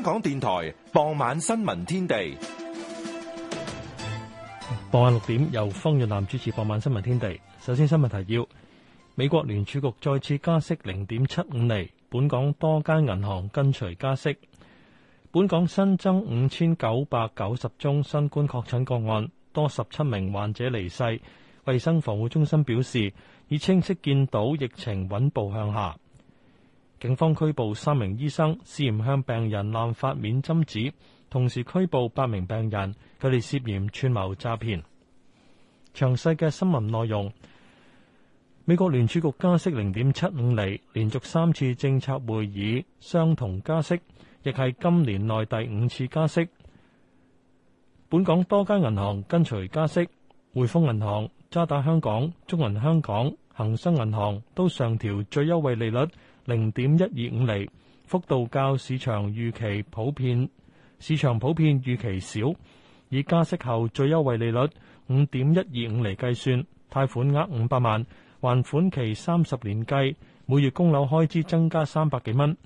香港電台傍晚新聞天地，傍晚六點由方潤南主持。傍晚新聞天，天地，首先新聞提要：美國聯儲局再次加息零點七五厘，本港多間銀行跟隨加息。本港新增五千九百九十宗新冠確診個案，多十七名患者離世。衛生防護中心表示，已清晰見到疫情穩步向下。警方拘捕三名醫生，涉嫌向病人濫發免針紙，同時拘捕八名病人，佢哋涉嫌串謀詐騙。詳細嘅新聞內容，美國聯儲局加息零點七五厘，連續三次政策會議相同加息，亦係今年內第五次加息。本港多間銀行跟隨加息，匯豐銀行、渣打香港、中銀香港、恒生銀行都上調最優惠利率。零點一二五厘，幅度較市場預期普遍。市場普遍預期少，以加息後最優惠利率五點一二五厘計算，貸款額五百萬，還款期三十年計，每月供樓開支增加三百幾蚊。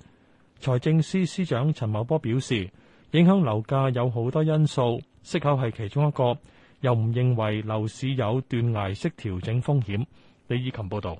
財政司司長陳茂波表示，影響樓價有好多因素，息口係其中一個，又唔認為樓市有斷崖式調整風險。李以琴報道。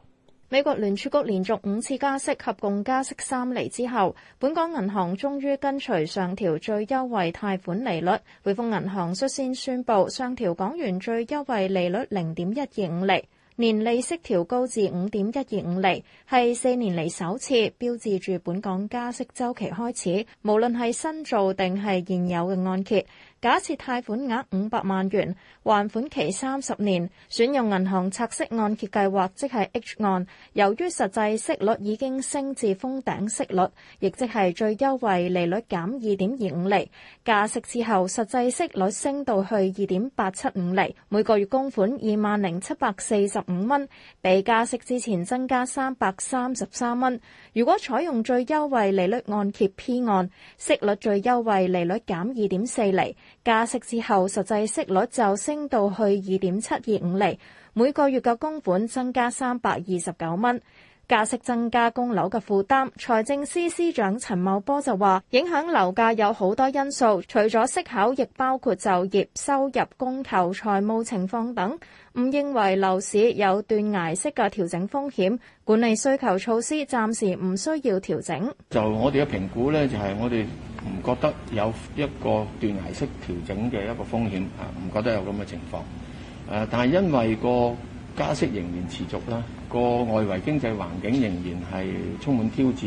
美國聯儲局連續五次加息，合共加息三厘之後，本港銀行終於跟隨上調最優惠貸款利率。匯豐銀行率先宣布上調港元最優惠利率零點一二五厘，年利息調高至五點一二五厘，係四年嚟首次，標誌住本港加息周期開始。無論係新造定係現有嘅按揭。假設貸款額五百萬元，還款期三十年，選用銀行拆息按揭計劃，即係 H 按。由於實際息率已經升至封頂息率，亦即係最優惠利率減二點二五厘。加息之後，實際息率升到去二點八七五厘，每個月供款二萬零七百四十五蚊，比加息之前增加三百三十三蚊。如果採用最優惠利率按揭 P 按，息率最優惠利率減二點四厘。加息之後，實際息率就升到去二點七二五釐，每個月嘅供款增加三百二十九蚊。加息增加供樓嘅負擔，財政司司長陳茂波就話：影響樓價有好多因素，除咗息口，亦包括就業、收入、供求、財務情況等。唔認為樓市有斷崖式嘅調整風險，管理需求措施暫時唔需要調整。就我哋嘅評估咧，就係我哋唔覺得有一個斷崖式調整嘅一個風險啊，唔覺得有咁嘅情況。誒，但係因為個。加息仍然持續啦，個外圍經濟環境仍然係充滿挑戰，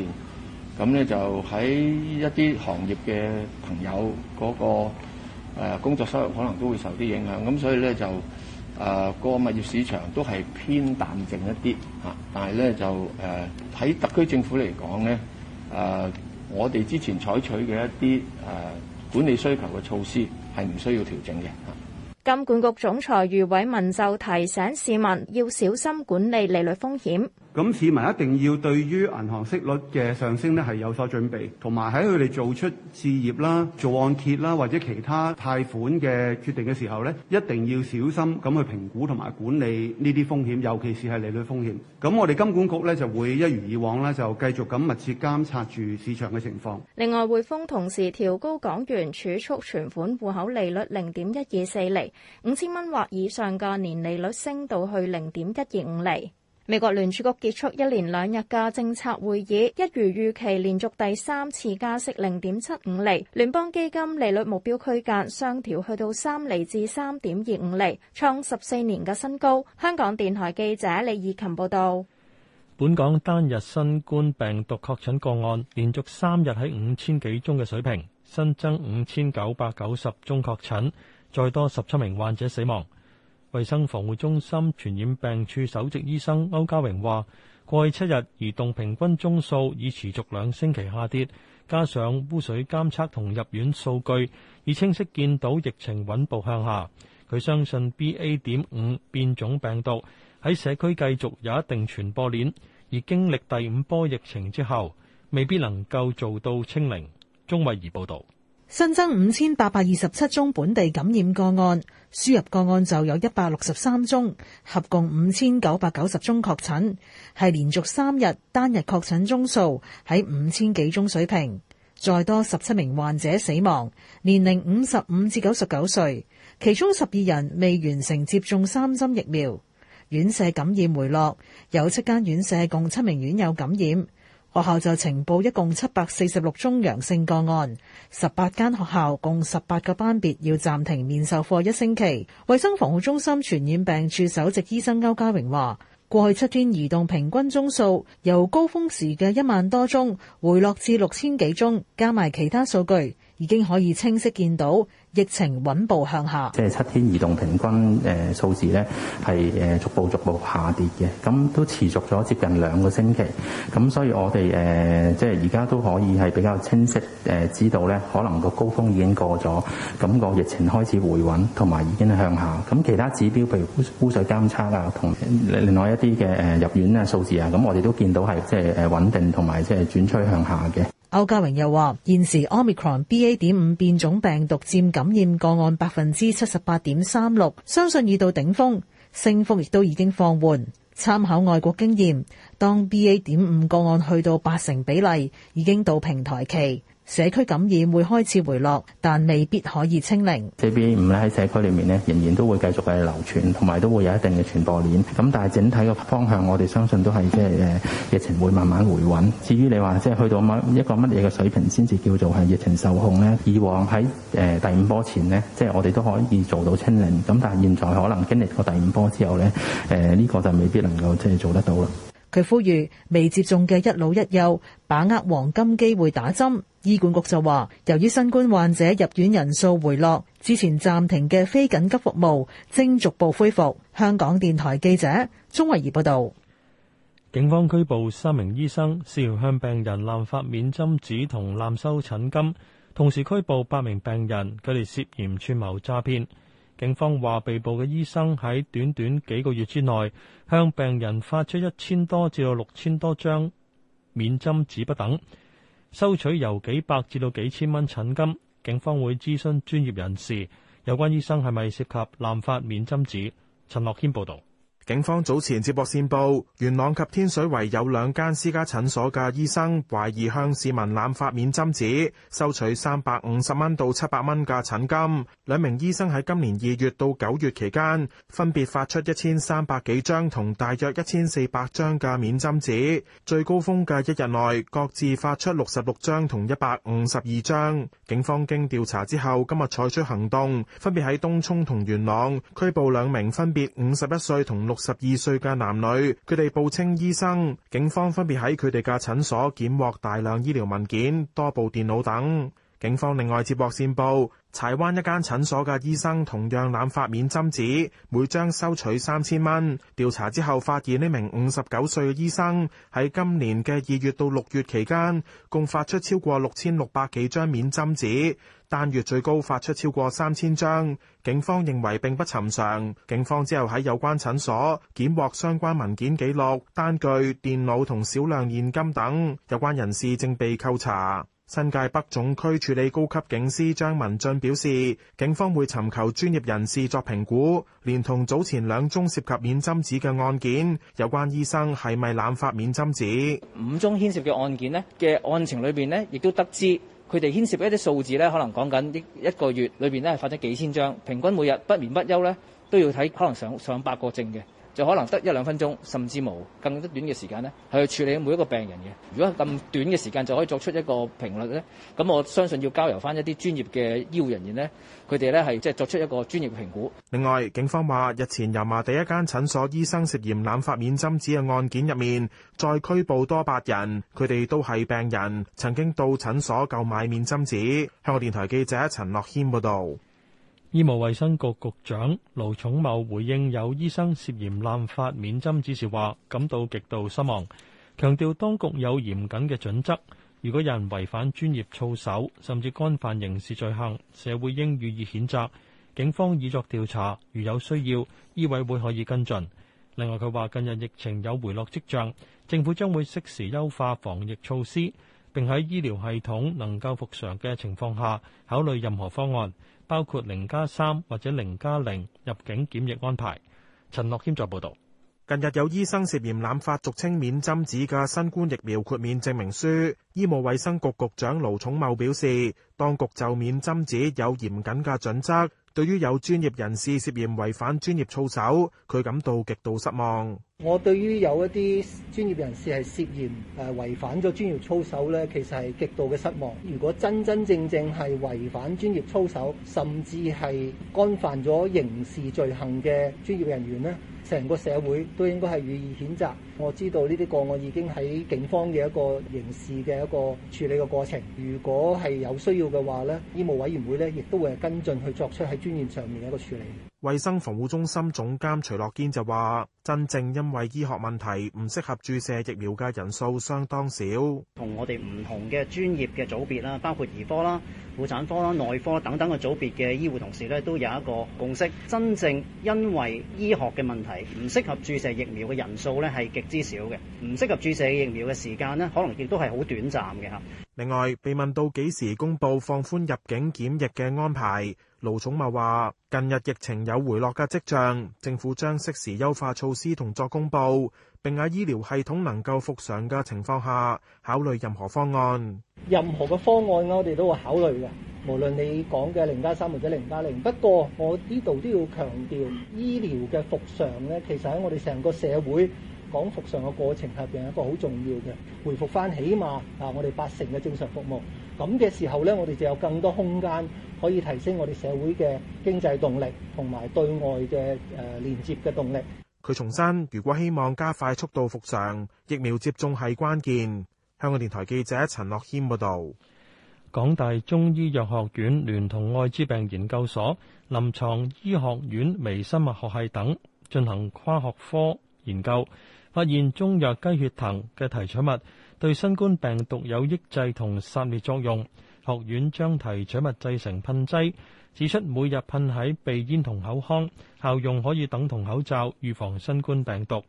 咁咧就喺一啲行業嘅朋友嗰個誒工作收入可能都會受啲影響，咁所以咧就誒個物業市場都係偏淡靜一啲嚇，但係咧就誒喺特區政府嚟講咧誒，我哋之前採取嘅一啲誒管理需求嘅措施係唔需要調整嘅嚇。金管局總裁余偉文就提醒市民要小心管理利率風險。咁市民一定要對於銀行息率嘅上升呢係有所準備，同埋喺佢哋做出置業啦、做按揭啦或者其他貸款嘅決定嘅時候呢，一定要小心咁去評估同埋管理呢啲風險，尤其是係利率風險。咁我哋金管局呢就會一如以往呢，就繼續咁密切監察住市場嘅情況。另外，匯豐同時調高港元儲蓄存款戶口利率零點一二四厘，五千蚊或以上嘅年利率升到去零點一二五厘。美國聯儲局結束一連兩日嘅政策會議，一如預期，連續第三次加息零點七五厘，聯邦基金利率目標區間上調去到三厘至三點二五厘，創十四年嘅新高。香港電台記者李以琴報道。本港單日新冠病毒確診個案，連續三日喺五千幾宗嘅水平，新增五千九百九十宗確診，再多十七名患者死亡。衛生防護中心傳染病處首席醫生歐家榮話：過去七日移動平均宗數已持續兩星期下跌，加上污水監測同入院數據，已清晰見到疫情穩步向下。佢相信 BA.5 變種病毒喺社區繼續有一定傳播鏈，而經歷第五波疫情之後，未必能夠做到清零。鍾慧儀報道。新增五千八百二十七宗本地感染個案，輸入個案就有一百六十三宗，合共五千九百九十宗確診，係連續三日單日確診宗數喺五千幾宗水平。再多十七名患者死亡，年齡五十五至九十九歲，其中十二人未完成接種三針疫苗。院舍感染回落，有七間院舍共七名院友感染。學校就呈報一共七百四十六宗陽性個案，十八間學校共十八個班別要暫停面授課一星期。衛生防護中心傳染病處首席醫生歐家榮話，過去七天移動平均宗數由高峰時嘅一萬多宗回落至六千幾宗，加埋其他數據。已經可以清晰見到疫情穩步向下，即係七天移動平均數字咧係逐步逐步下跌嘅，咁都持續咗接近兩個星期，咁所以我哋誒即係而家都可以係比較清晰知道咧，可能個高峰已經過咗，咁個疫情開始回穩同埋已經向下，咁其他指標譬如污水監測啊，同另外一啲嘅入院啊數字啊，咁我哋都見到係即係穩定同埋即係轉趨向下嘅。歐家榮又話：現時 omicron BA. 點五變種病毒占感染個案百分之七十八點三六，相信已到頂峰，升幅亦都已經放緩。參考外國經驗，當 BA. 點五個案去到八成比例，已經到平台期。社區感染會開始回落，但未必可以清零。四 B 五咧喺社區裏面咧，仍然都會繼續嘅流傳，同埋都會有一定嘅傳播鏈。咁但係整體嘅方向，我哋相信都係即係誒疫情會慢慢回穩。至於你話即係去到乜一個乜嘢嘅水平先至叫做係疫情受控咧？以往喺誒第五波前呢，即係我哋都可以做到清零。咁但係現在可能經歷過第五波之後咧，誒呢個就未必能夠即係做得到啦。佢呼籲未接種嘅一老一幼把握黃金機會打針。醫管局就話，由於新冠患者入院人數回落，之前暫停嘅非緊急服務正逐步恢復。香港電台記者鍾維怡報道。警方拘捕三名醫生，涉嫌向病人濫發免針紙同濫收診金，同時拘捕八名病人，佢哋涉嫌串謀詐騙。警方話，被捕嘅醫生喺短短幾個月之內，向病人發出一千多至到六千多張免針紙不等，收取由幾百至到幾千蚊診金，警方會諮詢專業人士，有關醫生係咪涉及濫發免針紙？陳樂謙報道。警方早前接獲線報，元朗及天水圍有兩間私家診所嘅醫生懷疑向市民濫發免針紙，收取三百五十蚊到七百蚊嘅診金。兩名醫生喺今年二月到九月期間，分別發出一千三百幾張同大約一千四百張嘅免針紙，最高峰嘅一日內，各自發出六十六張同一百五十二張。警方經調查之後，今日採取行動，分別喺東涌同元朗拘捕兩名，分別五十一歲同六。十二歲嘅男女，佢哋報稱醫生，警方分別喺佢哋嘅診所檢獲大量醫療文件、多部電腦等。警方另外接獲線報。柴灣一間診所嘅醫生同樣濫發免針紙，每張收取三千蚊。調查之後發現呢名五十九歲嘅醫生喺今年嘅二月到六月期間，共發出超過六千六百幾張免針紙，單月最高發出超過三千張。警方認為並不尋常。警方之後喺有關診所檢獲相關文件記錄、單據、電腦同少量現金等，有關人士正被扣查。新界北總區處理高級警司張文俊表示，警方會尋求專業人士作評估，連同早前兩宗涉及免針紙嘅案件，有關醫生係咪濫發免針紙？五宗牽涉嘅案件呢嘅案情裏面呢，亦都得知佢哋牽涉一啲數字呢，可能講緊一一個月裏面呢，係發咗幾千張，平均每日不眠不休呢，都要睇，可能上上百個證嘅，就可能得一兩分鐘，甚至冇更短嘅時間咧，去處理每一個病人嘅。如果咁短嘅時間就可以作出一個評論呢，咁我相信要交由翻一啲專業嘅醫護人員呢，佢哋呢係即係作出一個專業評估。另外，警方話日前油麻地一間診所醫生涉嫌濫發免針紙嘅案件入面，再拘捕多八人，佢哋都係病人，曾經到診所購買免針紙。香港電台記者陳樂軒報道。醫務衛生局局長盧寵茂回應有醫生涉嫌濫發免針指示，話感到極度失望，強調當局有嚴謹嘅準則。如果有人違反專業操守，甚至干犯刑事罪行，社會應予以譴責。警方已作調查，如有需要，醫委會可以跟進。另外，佢話近日疫情有回落跡象，政府將會適時優化防疫措施，並喺醫療系統能夠復常嘅情況下考慮任何方案。包括零加三或者零加零入境檢疫安排。陳樂謙在報道。近日有醫生涉嫌濫發俗稱免針紙嘅新冠疫苗豁免證明書，醫務衛生局局長盧寵茂表示，當局就免針紙有嚴謹嘅準則。對於有專業人士涉嫌違反專業操守，佢感到極度失望。我對於有一啲專業人士係涉嫌誒違反咗專業操守咧，其實係極度嘅失望。如果真真正正係違反專業操守，甚至係干犯咗刑事罪行嘅專業人員呢，成個社會都應該係予以譴責。我知道呢啲個案已經喺警方嘅一個刑事嘅一個處理嘅過程。如果係有需要嘅話呢，醫務委員會呢亦都會係跟進去作出喺專業上面嘅一個處理。衞生防護中心總監徐樂堅就話：真正因為醫學問題唔適合注射疫苗嘅人數相當少，同我哋唔同嘅專業嘅組別啦，包括兒科啦。婦產科啦、內科等等嘅組別嘅醫護同事咧，都有一個共識，真正因為醫學嘅問題唔適合注射疫苗嘅人數咧，係極之少嘅，唔適合注射疫苗嘅時間咧，可能亦都係好短暫嘅。另外，被問到幾時公佈放寬入境檢疫嘅安排，盧寵茂話：近日疫情有回落嘅跡象，政府將適時優化措施同作公佈。並喺醫療系統能夠復常嘅情況下，考慮任何方案。任何嘅方案，我哋都會考慮嘅。無論你講嘅零加三或者零加零，0，不過我呢度都要強調，醫療嘅復常咧，其實喺我哋成個社會講復常嘅過程入面，係一個好重要嘅，回復翻起碼啊，我哋八成嘅正常服務。咁嘅時候咧，我哋就有更多空間可以提升我哋社會嘅經濟動力，同埋對外嘅誒、呃、連接嘅動力。佢重申，如果希望加快速度復常，疫苗接種係關鍵。香港電台記者陳樂謙報道，港大中醫藥學院聯同艾滋病研究所、臨床醫學院微生物學係等進行跨學科研究，發現中藥雞血藤嘅提取物對新冠病毒有抑制同殺滅作用。學院將提取物製成噴劑。指出每日噴喺鼻咽同口腔，效用可以等同口罩，預防新冠病毒。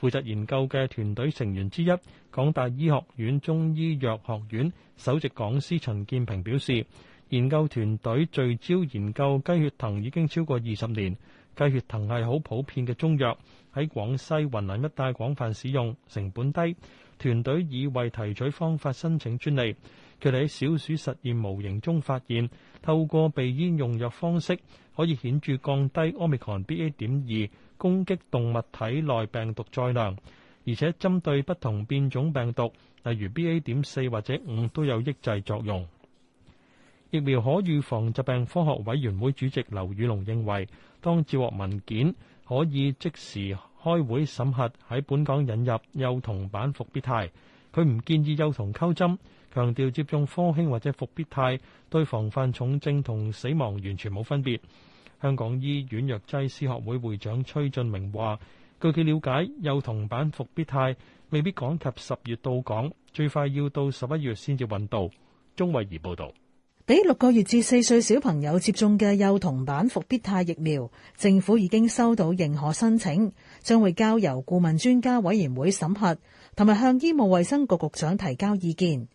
負責研究嘅團隊成員之一，港大醫學院中醫藥學院首席講師陳建平表示，研究團隊聚焦研究雞血藤已經超過二十年。雞血藤係好普遍嘅中藥，喺廣西、雲南一帶廣泛使用，成本低。團隊已為提取方法申請專利。佢哋喺小鼠實驗模型中發現，透過鼻煙用藥方式可以顯著降低奧密克戎 B A. 點二攻擊動物體內病毒載量，而且針對不同變種病毒，例如 B A. 點四或者五都有抑制作用。疫苗可預防疾病科學委員會主席劉宇龍認為，當接獲文件可以即時開會審核喺本港引入幼童版伏必泰，佢唔建議幼童溝針。強調接種科興或者復必泰對防範重症同死亡完全冇分別。香港醫院藥劑師學會會長崔俊明話，據佢了解，幼童版復必泰未必趕及十月到港，最快要到十一月先至運到。鍾慧儀報導，俾六個月至四歲小朋友接種嘅幼童版復必泰疫苗，政府已經收到認可申請，將會交由顧問專家委員會審核，同埋向醫務衛生局局長提交意見。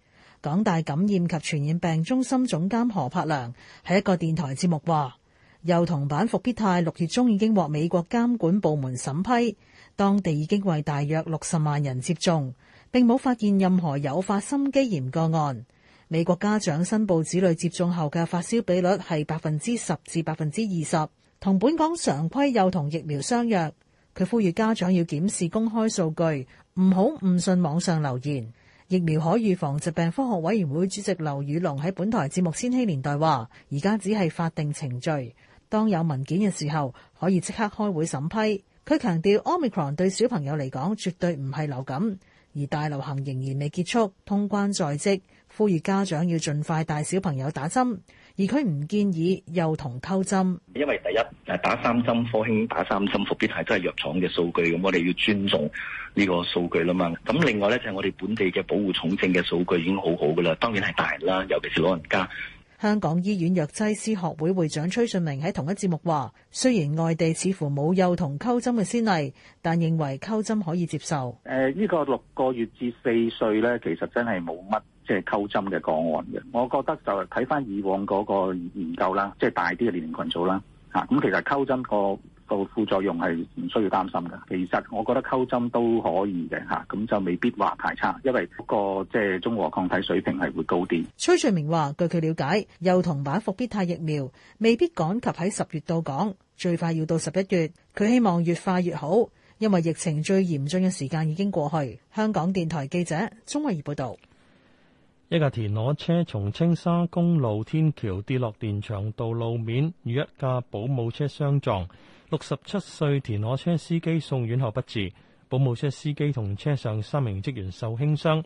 港大感染及傳染病中心總監何柏良喺一個電台節目話，幼童版復必泰六月中已經獲美國監管部門審批，當地已經為大約六十萬人接種，並冇發現任何誘發心肌炎個案。美國家長申報子女接種後嘅發燒比率係百分之十至百分之二十，同本港常規幼童疫苗相若，佢呼籲家長要檢視公開數據，唔好誤信網上留言。疫苗可預防疾病科學委員會主席劉宇龍喺本台節目《千禧年代》話，而家只係法定程序，當有文件嘅時候，可以即刻開會審批。佢強調，Omicron 對小朋友嚟講絕對唔係流感，而大流行仍然未結束，通關在即，呼籲家長要盡快帶小朋友打針。而佢唔建議幼童溝針，因為第一誒打三針，科興打三針，伏必泰真係藥廠嘅數據，咁我哋要尊重呢個數據啦嘛。咁另外咧就係我哋本地嘅保護重症嘅數據已經好好噶啦，當然係大人啦，尤其是老人家。香港醫院藥劑師學會會長崔俊明喺同一節目話：雖然外地似乎冇幼童溝針嘅先例，但認為溝針可以接受。呢依個六個月至四歲咧，其實真係冇乜。即係溝針嘅個案嘅，我覺得就睇翻以往嗰個研究啦，即係大啲嘅年齡群組啦嚇。咁其實溝針個副作用係唔需要擔心嘅。其實我覺得溝針都可以嘅嚇，咁就未必話太差，因為個即係中和抗體水平係會高啲。崔翠明話：據佢了解，幼童版伏必泰疫苗未必趕及喺十月到港，最快要到十一月。佢希望越快越好，因為疫情最嚴峻嘅時間已經過去。香港電台記者鍾慧儀報道。一架田螺車從青沙公路天橋跌落呈祥道路面，與一架保姆車相撞。六十七歲田螺車司機送院後不治，保姆車司機同車上三名職員受輕傷。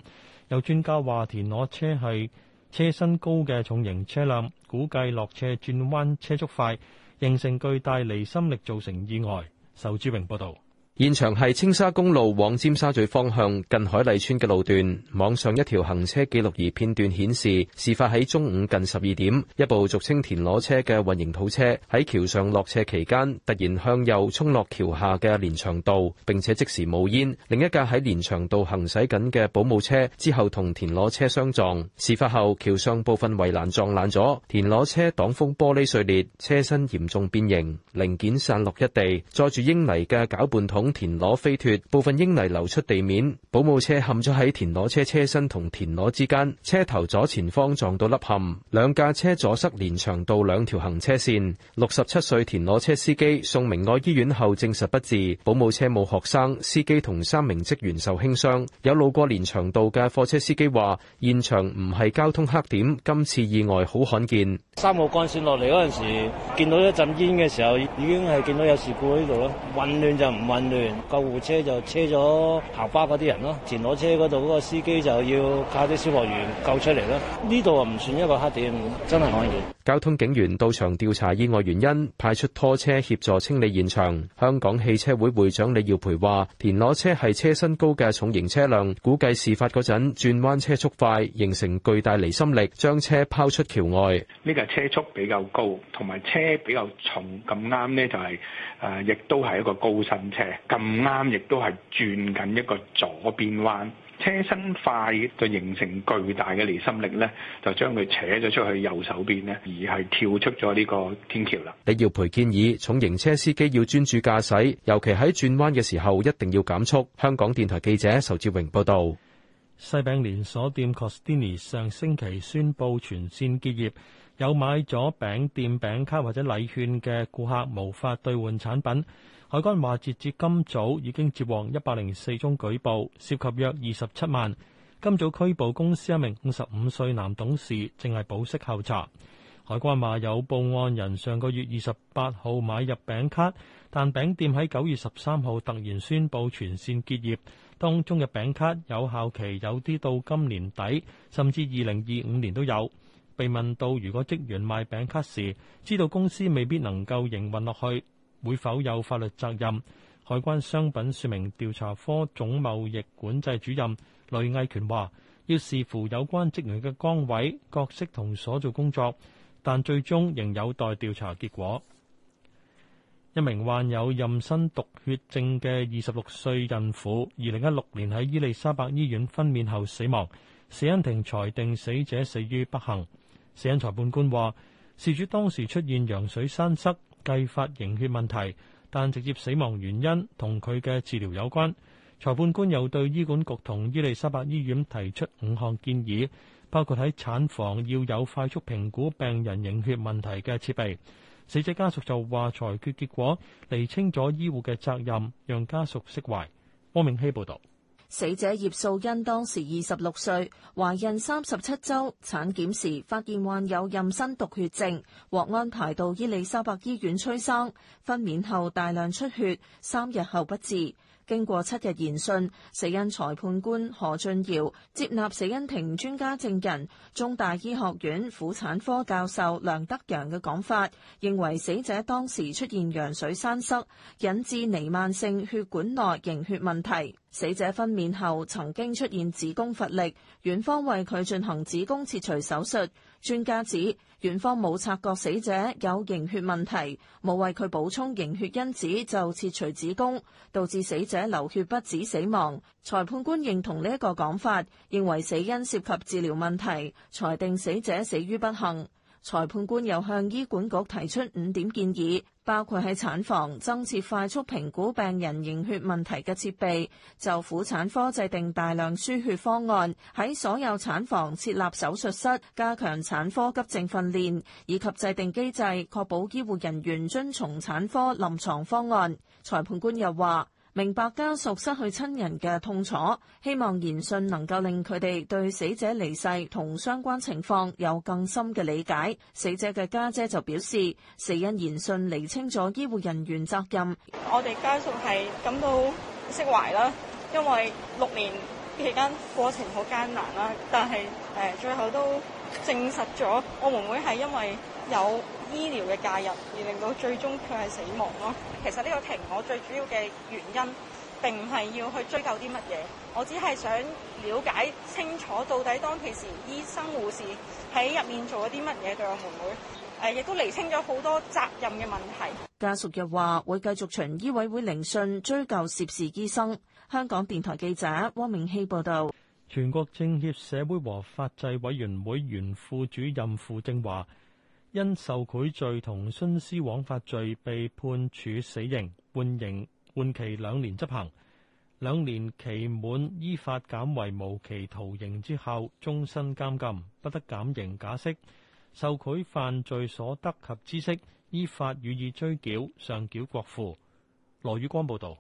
有專家話，田螺車係車身高嘅重型車輛，估計落斜轉彎車速快，形成巨大離心力，造成意外。仇志榮報道。現場係青沙公路往尖沙咀方向近海麗村嘅路段。網上一條行車記錄儀片段顯示，示，事發喺中午近十二點，一部俗稱田螺車嘅混凝土車喺橋上落車期間，突然向右衝落橋下嘅連翔道，並且即時冒煙。另一架喺連翔道行駛緊嘅保姆車之後同田螺車相撞。事發後，橋上部分圍欄撞爛咗，田螺車擋風玻璃碎裂，車身嚴重變形，零件散落一地，載住英泥嘅攪拌桶。田螺飛脫，部分英泥流出地面，保姆車陷咗喺田螺車車身同田螺之間，車頭左前方撞到凹陷，兩架車阻塞連翔道兩條行車線。六十七歲田螺車司機送明愛醫院後證實不治，保姆車冇學生，司機同三名職員受輕傷。有路過連翔道嘅貨車司機話：現場唔係交通黑點，今次意外好罕見。三號幹線落嚟嗰陣時，見到一陣煙嘅時候，已經係見到有事故喺度咯，混亂就唔混亂。救援、救護車就車咗行巴嗰啲人咯，田螺車嗰度嗰個司機就要靠啲消防員救出嚟咯。呢度啊，唔算一個黑點，真係可以。交通警員到場調查意外原因，派出拖車協助清理現場。香港汽車會會長李耀培話：田螺車係車身高嘅重型車輛，估計事發嗰陣轉彎車速快，形成巨大離心力，將車拋出橋外。呢個係車速比較高，同埋車比較重，咁啱呢，就係誒，亦都係一個高身車。咁啱，亦都係轉緊一個左邊彎，車身快就形成巨大嘅離心力呢，就將佢扯咗出去右手邊呢，而係跳出咗呢個天橋啦。李耀培建議重型車司機要專注駕駛，尤其喺轉彎嘅時候一定要減速。香港電台記者仇志榮報導。西餅連鎖店 Costini 上星期宣布全線結業，有買咗餅店餅卡或者禮券嘅顧客無法兌換產品。海關話：截至今早已經接獲一百零四宗舉報，涉及約二十七萬。今早拘捕公司一名五十五歲男董事，正係保釋候查。海關話有報案人上個月二十八號買入餅卡，但餅店喺九月十三號突然宣布全線結業。當中嘅餅卡有效期有啲到今年底，甚至二零二五年都有。被問到如果職員賣餅卡時，知道公司未必能夠營運落去。會否有法律責任？海關商品説明調查科總貿易管制主任雷毅權話：要視乎有關職員嘅崗位、角色同所做工作，但最終仍有待調查結果。一名患有妊娠毒血症嘅二十六歲孕婦，二零一六年喺伊利沙伯醫院分娩後死亡。死因庭裁定死者死於不幸。死因裁判官話：事主當時出現羊水栓塞。計發凝血問題，但直接死亡原因同佢嘅治療有關。裁判官又對醫管局同伊利沙伯醫院提出五項建議，包括喺產房要有快速評估病人凝血問題嘅設備。死者家屬就話裁決結果厘清咗醫護嘅責任，讓家屬釋懷。汪明希報道。死者葉素欣當時二十六歲，懷孕三十七周，產檢時發現患有妊娠毒血症，獲安排到伊利沙伯醫院催生，分娩後大量出血，三日後不治。經過七日研訊，死因裁判官何俊堯接納死因庭專家證人中大醫學院婦產科教授梁德陽嘅講法，認為死者當時出現羊水栓塞，引致彌漫性血管內凝血問題。死者分娩後曾經出現子宮乏力，院方為佢進行子宮切除手術。專家指。院方冇察覺死者有凝血問題，冇為佢補充凝血因子就切除子宮，導致死者流血不止死亡。裁判官認同呢一個講法，認為死因涉及治療問題，裁定死者死於不幸。裁判官又向醫管局提出五點建議。包括喺產房增設快速評估病人凝血問題嘅設備，就婦產科制定大量輸血方案，喺所有產房設立手術室，加強產科急症訓練，以及制定機制確保醫護人員遵從產科臨床方案。裁判官又話，明白家屬失去親人嘅痛楚，希望研訊能夠令佢哋對死者離世同相關情況有更深嘅理解。死者嘅家姐、姐就表示，死因研訊厘清咗醫護人員責任。我哋家屬係感到釋懷啦，因為六年期間過程好艱難啦，但係誒、呃、最後都證實咗我妹妹係因為有。醫療嘅介入而令到最終佢係死亡咯。其實呢個庭我最主要嘅原因並唔係要去追究啲乜嘢，我只係想了解清楚到底當其時醫生護士喺入面做咗啲乜嘢對我妹妹。誒，亦都厘清咗好多責任嘅問題。家屬又話會繼續循醫委會聆訊追究涉事醫生。香港電台記者汪明希報道。全國政協社會和法制委員會原副主任傅政華。因受賄罪同徇私枉法罪被判處死刑，緩刑，緩期兩年執行。兩年期滿依法減為無期徒刑之後，終身監禁，不得減刑假釋。受賄犯罪所得及孳息依法予以追繳上繳國庫。羅宇光報道。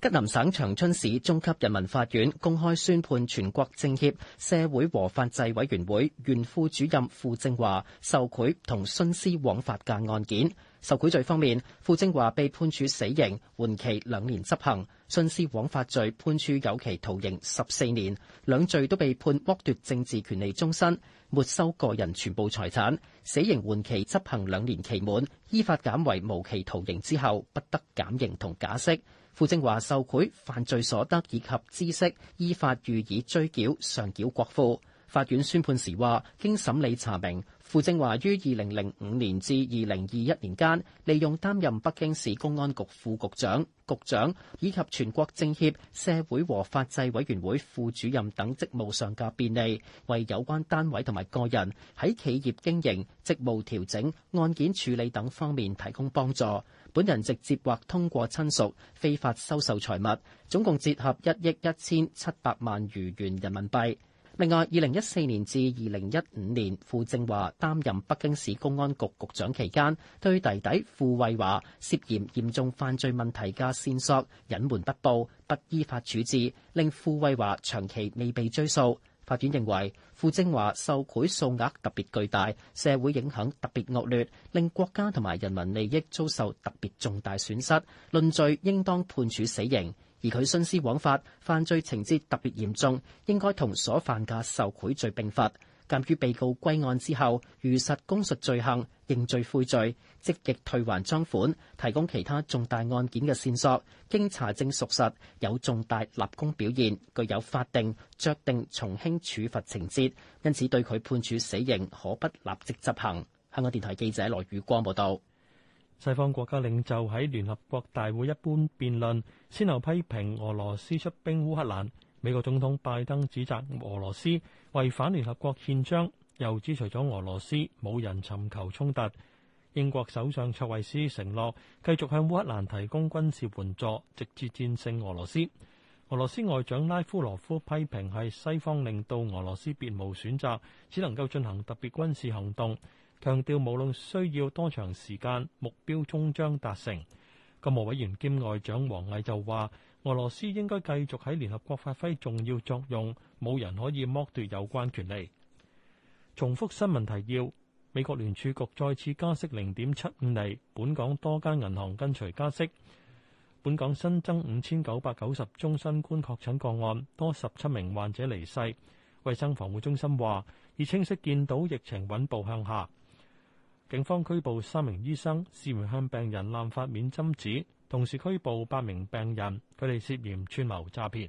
吉林省長春市中級人民法院公開宣判全國政協社會和法制委員會原副主任傅政華受賄同徇私枉法嘅案件。受賄罪方面，傅政華被判處死刑，緩期兩年執行；徇私枉法罪判處有期徒刑十四年，兩罪都被判剝奪政治權利終身，沒收個人全部財產。死刑緩期執行兩年期滿，依法減為無期徒刑之後，不得減刑同假釋。傅政華受賄犯罪所得以及知識依法予以追繳上繳國庫。法院宣判時話，經審理查明，傅政華於二零零五年至二零二一年間，利用擔任北京市公安局副局長、局長以及全國政協社會和法制委員會副主任等職務上嘅便利，為有關單位同埋個人喺企業經營、職務調整、案件處理等方面提供幫助。本人直接或通過親屬非法收受財物，總共折合一億一千七百萬餘元人民幣。另外，二零一四年至二零一五年，傅政華擔任北京市公安局局長期間，對弟弟傅衛華涉嫌嚴重犯罪問題嘅線索隱瞞不報，不依法處置，令傅衛華長期未被追訴。法院認為，傅正華受賄數額特別巨大，社會影響特別惡劣，令國家同埋人民利益遭受特別重大損失，論罪應當判處死刑。而佢徇私枉法，犯罪情節特別嚴重，應該同所犯嘅受賄罪並罰。鑑於被告歸案之後，如實供述罪行。認罪悔罪，積極退還贓款，提供其他重大案件嘅線索，經查證屬實，有重大立功表現，具有法定、酌定從輕處罰情節，因此對佢判處死刑，可不立即執行。香港電台記者羅宇光報道。西方國家領袖喺聯合國大會一般辯論，先後批評俄羅斯出兵烏克蘭，美國總統拜登指責俄羅斯違反聯合國憲章。又指除咗俄羅斯，冇人尋求衝突。英國首相卓慧思承諾繼續向烏克蘭提供軍事援助，直至戰勝俄羅斯。俄羅斯外長拉夫羅夫批評係西方令到俄羅斯別無選擇，只能夠進行特別軍事行動，強調無論需要多長時間，目標終將達成。國務委員兼外長王毅就話：俄羅斯應該繼續喺聯合國發揮重要作用，冇人可以剝奪有關權利。重複新聞提要：美國聯儲局再次加息零點七五厘，本港多間銀行跟隨加息。本港新增五千九百九十宗新冠確診個案，多十七名患者離世。衛生防護中心話，已清晰見到疫情穩步向下。警方拘捕三名醫生，涉嫌向病人濫發免針紙，同時拘捕八名病人，佢哋涉嫌串謀詐騙。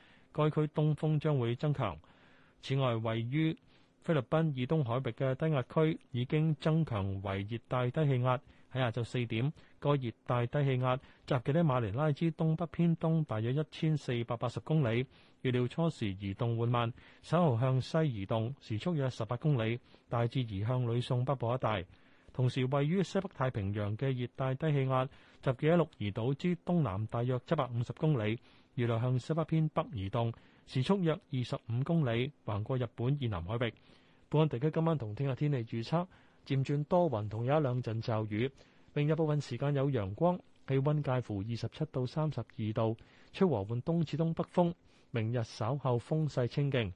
該區東風將會增強。此外，位於菲律賓以東海域嘅低壓區已經增強為熱帶低氣壓。喺下晝四點，個熱帶低氣壓集結喺馬尼拉之東北偏東大約一千四百八十公里，預料初時移動緩慢，稍後向西移動，時速約十八公里，大致移向呂宋北部一帶。同時，位於西北太平洋嘅熱帶低氣壓集結喺鹿兒島之東南大約七百五十公里。預料向西北偏北移動，時速約二十五公里，橫過日本以南海域。本港地區今晚同聽日天氣預測，漸轉多雲，同有一兩陣驟雨，明日部分時間有陽光，氣溫介乎二十七到三十二度，吹和緩東至東北風。明日稍後風勢清勁，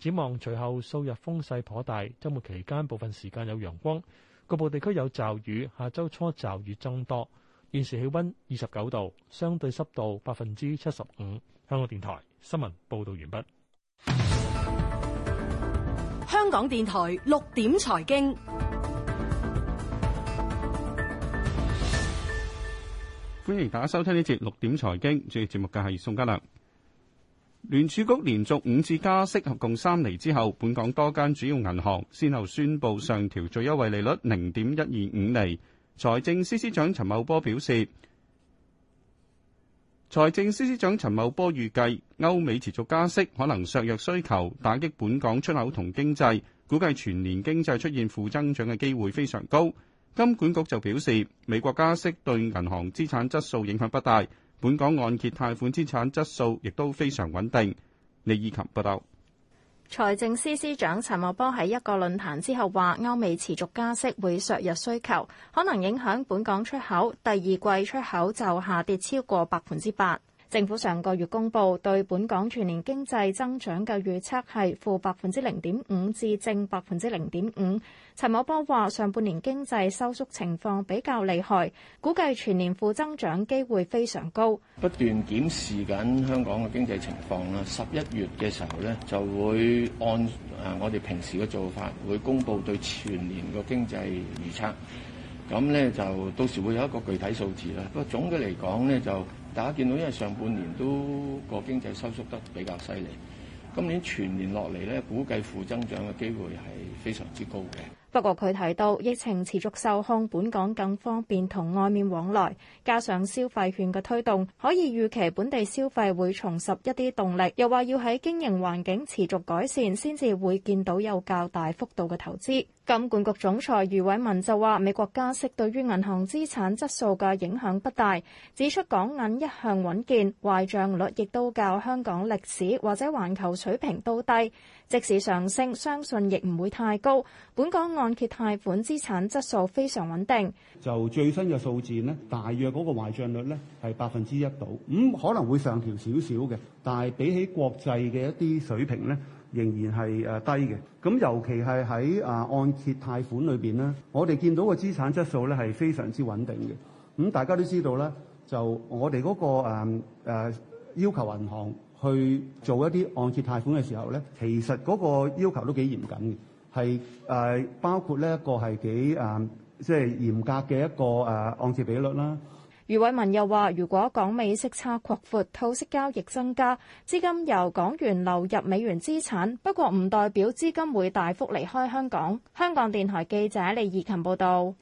展望隨後數日風勢頗大，週末期間部分時間有陽光，局部地區有驟雨，下週初驟雨增多。現時氣溫二十九度，相對濕度百分之七十五。香港電台新聞報道完畢。香港電台六點財經，歡迎大家收聽呢節六點財經。主持節目嘅係宋家良。聯儲局連續五次加息，合共三厘之後，本港多間主要銀行先後宣布上調最優惠利率零點一二五厘。29 10 6 0 125財政司司長陳茂波表示，財政司司長陳茂波預計歐美持續加息可能削弱需求，打擊本港出口同經濟，估計全年經濟出現負增長嘅機會非常高。金管局就表示，美國加息對銀行資產質素影響不大，本港按揭貸款資產質素亦都非常穩定。李以琴報道。財政司司長陳茂波喺一個論壇之後話：歐美持續加息會削弱需求，可能影響本港出口。第二季出口就下跌超過百分之八。政府上個月公布對本港全年經濟增長嘅預測係負百分之零點五至正百分之零點五。陳茂波話：上半年經濟收縮情況比較厲害，估計全年負增長機會非常高。不斷檢視緊香港嘅經濟情況啦。十一月嘅時候咧，就會按啊我哋平時嘅做法，會公布對全年嘅經濟預測。咁咧就到時會有一個具體數字啦。不過總嘅嚟講咧就。大家見到因為上半年都個經濟收縮得比較犀利，今年全年落嚟呢，估計負增長嘅機會係非常之高嘅。不過佢提到疫情持續受控，本港更方便同外面往來，加上消費券嘅推動，可以預期本地消費會重拾一啲動力。又話要喺經營環境持續改善，先至會見到有較大幅度嘅投資。金管局總裁余偉文就話，美國加息對於銀行資產質素嘅影響不大，指出港銀一向穩健，壞賬率亦都較香港歷史或者環球水平都低，即使上升相信亦唔會太高。本港按揭貸款資產質素非常穩定，就最新嘅數字呢，大約嗰個壞賬率呢係，百分之一度，咁、嗯、可能會上調少少嘅，但係比起國際嘅一啲水平呢。仍然係誒低嘅，咁尤其係喺啊按揭貸款裏邊咧，我哋見到個資產質素咧係非常之穩定嘅。咁大家都知道咧，就我哋嗰個誒誒要求銀行去做一啲按揭貸款嘅時候咧，其實嗰個要求都幾嚴謹嘅，係誒包括呢一個係幾誒即係嚴格嘅一個誒按揭比率啦。余偉文又話：如果港美息差擴闊、套息交易增加、資金由港元流入美元資產，不過唔代表資金會大幅離開香港。香港電台記者李怡勤報導。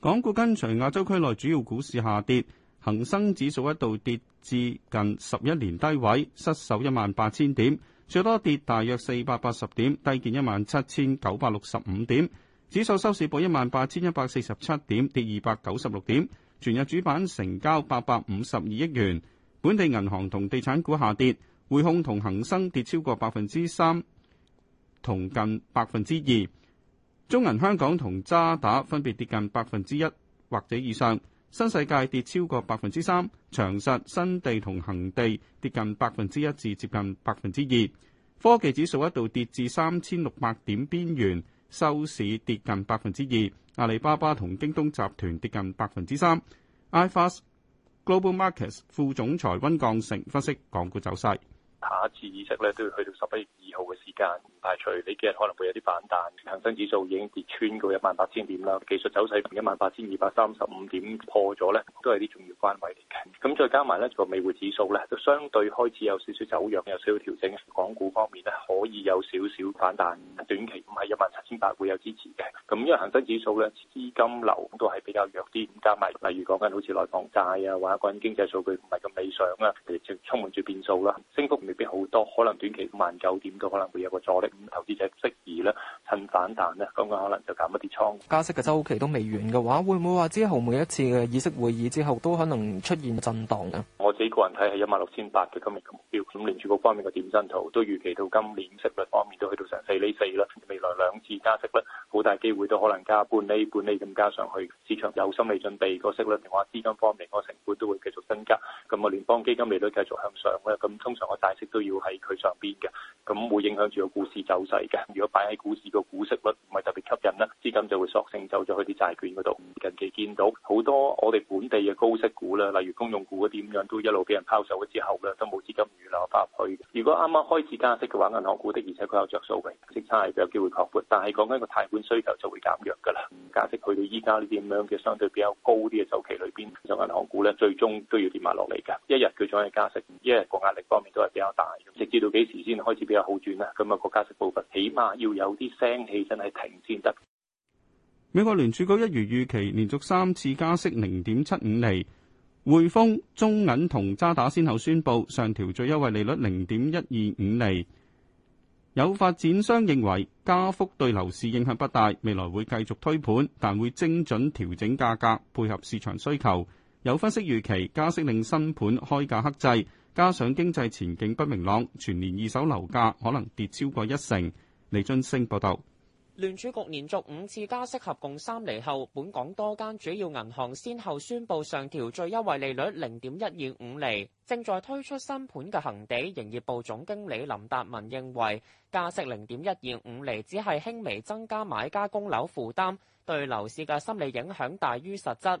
港股跟隨亞洲區內主要股市下跌，恒生指數一度跌至近十一年低位，失守一萬八千點，最多跌大約四百八十點，低見一萬七千九百六十五點。指數收市報一萬八千一百四十七點，跌二百九十六點。全日主板成交八百五十二億元，本地銀行同地產股下跌，匯控同恒生跌超過百分之三，同近百分之二，中銀香港同渣打分別跌近百分之一或者以上，新世界跌超過百分之三，長實、新地同恆地跌近百分之一至接近百分之二，科技指數一度跌至三千六百點邊緣，收市跌近百分之二。阿里巴巴同京東集團跌近百分之三。iFast Global Markets 副總裁温鋼成分析港股走勢。下一次議息咧都要去到十一月二號嘅時間，唔排除呢幾日可能會有啲反彈。恒生指數已經跌穿過一萬八千點啦，技術走勢從一萬八千二百三十五點破咗咧，都係啲重要關位嚟嘅。咁再加埋咧，就美匯指數咧就相對開始有少少走弱，有少少調整。港股方面咧，可以有少少反彈，短期唔係一萬七千八會有支持嘅。咁因為恒生指數咧資金流都係比較弱啲，加埋例如講緊好似內房債啊，或者個人經濟數據唔係咁理想啊，其實充滿住變數啦，升幅邊好多可能短期萬九點嘅可能會有個阻力，咁投資者適宜咧趁反彈呢，咁樣可能就減一啲倉。加息嘅週期都未完嘅話，會唔會話之後每一次嘅議息會議之後都可能出現震盪啊？我自己個人睇係一萬六千八嘅今年嘅目標，咁連住個方面嘅點陣圖都預期到今年息率方面都去到成四厘四啦。未來兩次加息率，好大機會都可能加半厘半厘咁加上去。市場有心理準備個息率，同埋資金方面個成本都會繼續增加。咁啊，聯邦基金利率繼續向上咧，咁通常個大都要喺佢上邊嘅，咁會影響住個股市走勢嘅。如果擺喺股市個股息率唔係特別吸引啦，資金就會索性走咗去啲債券嗰度。近期見到好多我哋本地嘅高息股啦，例如公用股嗰啲咁樣，都一路俾人拋售咗之後咧，都冇資金預留翻入去。如果啱啱開始加息嘅話，銀行股的，而且佢有着數嘅息差係有機會擴闊，但係講緊個貸款需求就會減弱㗎啦、嗯。加息去到依家呢啲咁樣嘅相對比較高啲嘅周期裏邊，就銀行股咧最終都要跌埋落嚟㗎。一日佢仲係加息，一日個壓力方面都係比較大，直至到幾時先開始比較好轉咧？咁啊，加息部分起碼要有啲聲氣，真係停先得。美國聯儲局一如預期，連續三次加息零點七五厘。匯豐、中銀同渣打先後宣布上調最優惠利率零點一二五厘。有發展商認為加幅對樓市影響不大，未來會繼續推盤，但會精準調整價格，配合市場需求。有分析預期，加息令新盤開價克制，加上經濟前景不明朗，全年二手樓價可能跌超過一成。李俊升報導。聯儲局連續五次加息合共三厘後，本港多間主要銀行先後宣布上調最優惠利率零點一二五厘。正在推出新盤嘅恒地營業部總經理林達文認為，加息零點一二五厘只係輕微增加買家供樓負擔，對樓市嘅心理影響大於實質。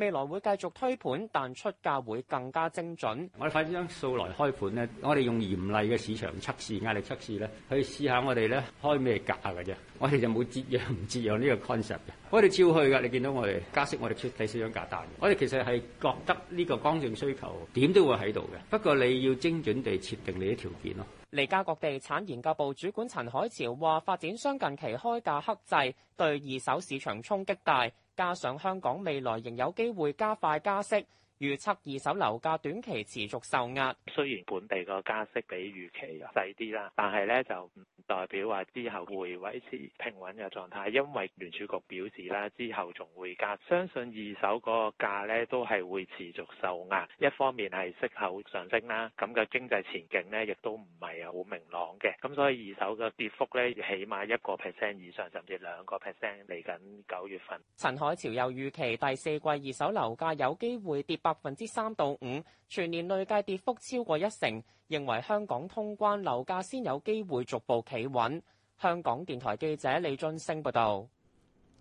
未來會繼續推盤，但出價會更加精準。我哋快啲將數來開盤咧，我哋用嚴厲嘅市場測試、壓力測試咧，去試下我哋咧開咩價㗎啫。我哋就冇節約唔節約呢個 concept 嘅，我哋照去㗎。你見到我哋加息我，我哋出睇少張價單。我哋其實係覺得呢個剛性需求點都會喺度嘅，不過你要精準地設定你啲條件咯。利嘉閣地產研究部主管陳海潮話：發展商近期開價克制，對二手市場衝擊大。加上香港未來仍有機會加快加息。預測二手樓價短期持續受壓。雖然本地個加息比預期細啲啦，但係咧就唔代表話之後會維持平穩嘅狀態，因為聯儲局表示啦，之後仲會加。相信二手個價咧都係會持續受壓。一方面係息口上升啦，咁嘅經濟前景咧亦都唔係好明朗嘅。咁所以二手嘅跌幅咧，起碼一個 percent 以上，甚至兩個 percent。嚟緊九月份，陳海潮又預期第四季二手樓價有機會跌百百分之三到五，5，全年累計跌幅超過一成，認為香港通關樓價先有機會逐步企穩。香港電台記者李俊升報道。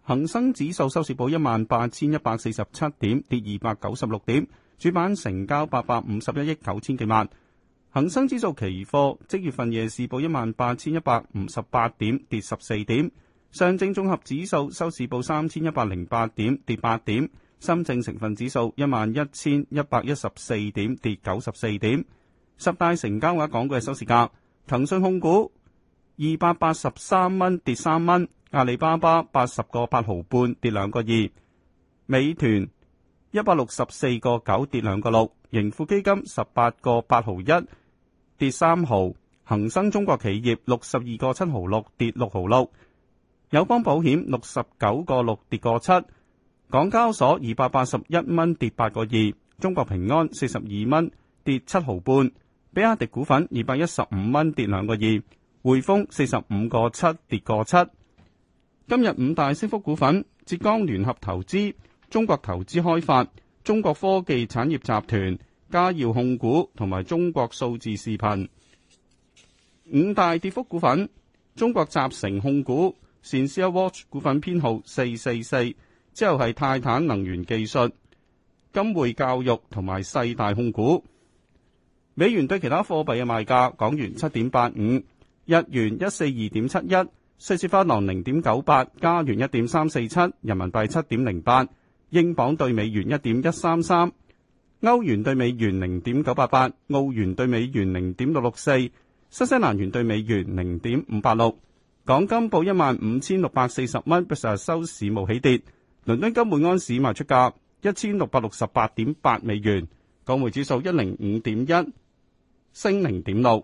恒生指數收市報一萬八千一百四十七點，跌二百九十六點，主板成交八百五十一億九千幾萬。恒生指數期貨即月份夜市報一萬八千一百五十八點，跌十四點。上證綜合指數收市報三千一百零八點，跌八點。深證成分指數一萬一千一百一十四點，跌九十四點。十大成交額講句：收市價：騰訊控股二百八十三蚊，跌三蚊；阿里巴巴八十個八毫半，跌兩個二；美團一百六十四個九，跌兩個六；盈富基金十八個八毫一，跌三毫；恒生中國企業六十二個七毫六，有 6, 跌六毫六；友邦保險六十九個六，跌個七。港交所二百八十一蚊跌八個二。中國平安四十二蚊跌七毫半。比亞迪股份二百一十五蚊跌兩個二。匯豐四十五個七跌個七。今日五大升幅股份：浙江聯合投資、中國投資開發、中國科技產業集團、嘉耀控股同埋中國數字視頻。五大跌幅股份：中國集成控股、Sincere Watch 股份編號四四四。.之後係泰坦能源技術、金匯教育同埋世大控股。美元對其他貨幣嘅賣價：港元七點八五，日元一四二點七一，瑞士法郎零點九八，加元一點三四七，人民幣七點零八，英鎊對美元一點一三三，歐元對美元零點九八八，澳元對美元零點六六四，新西蘭元對美元零點五八六。港金報一萬五千六百四十蚊，收市無起跌。倫敦金每盎司賣出價一千六百六十八點八美元，港匯指數一零五點一，升零點六。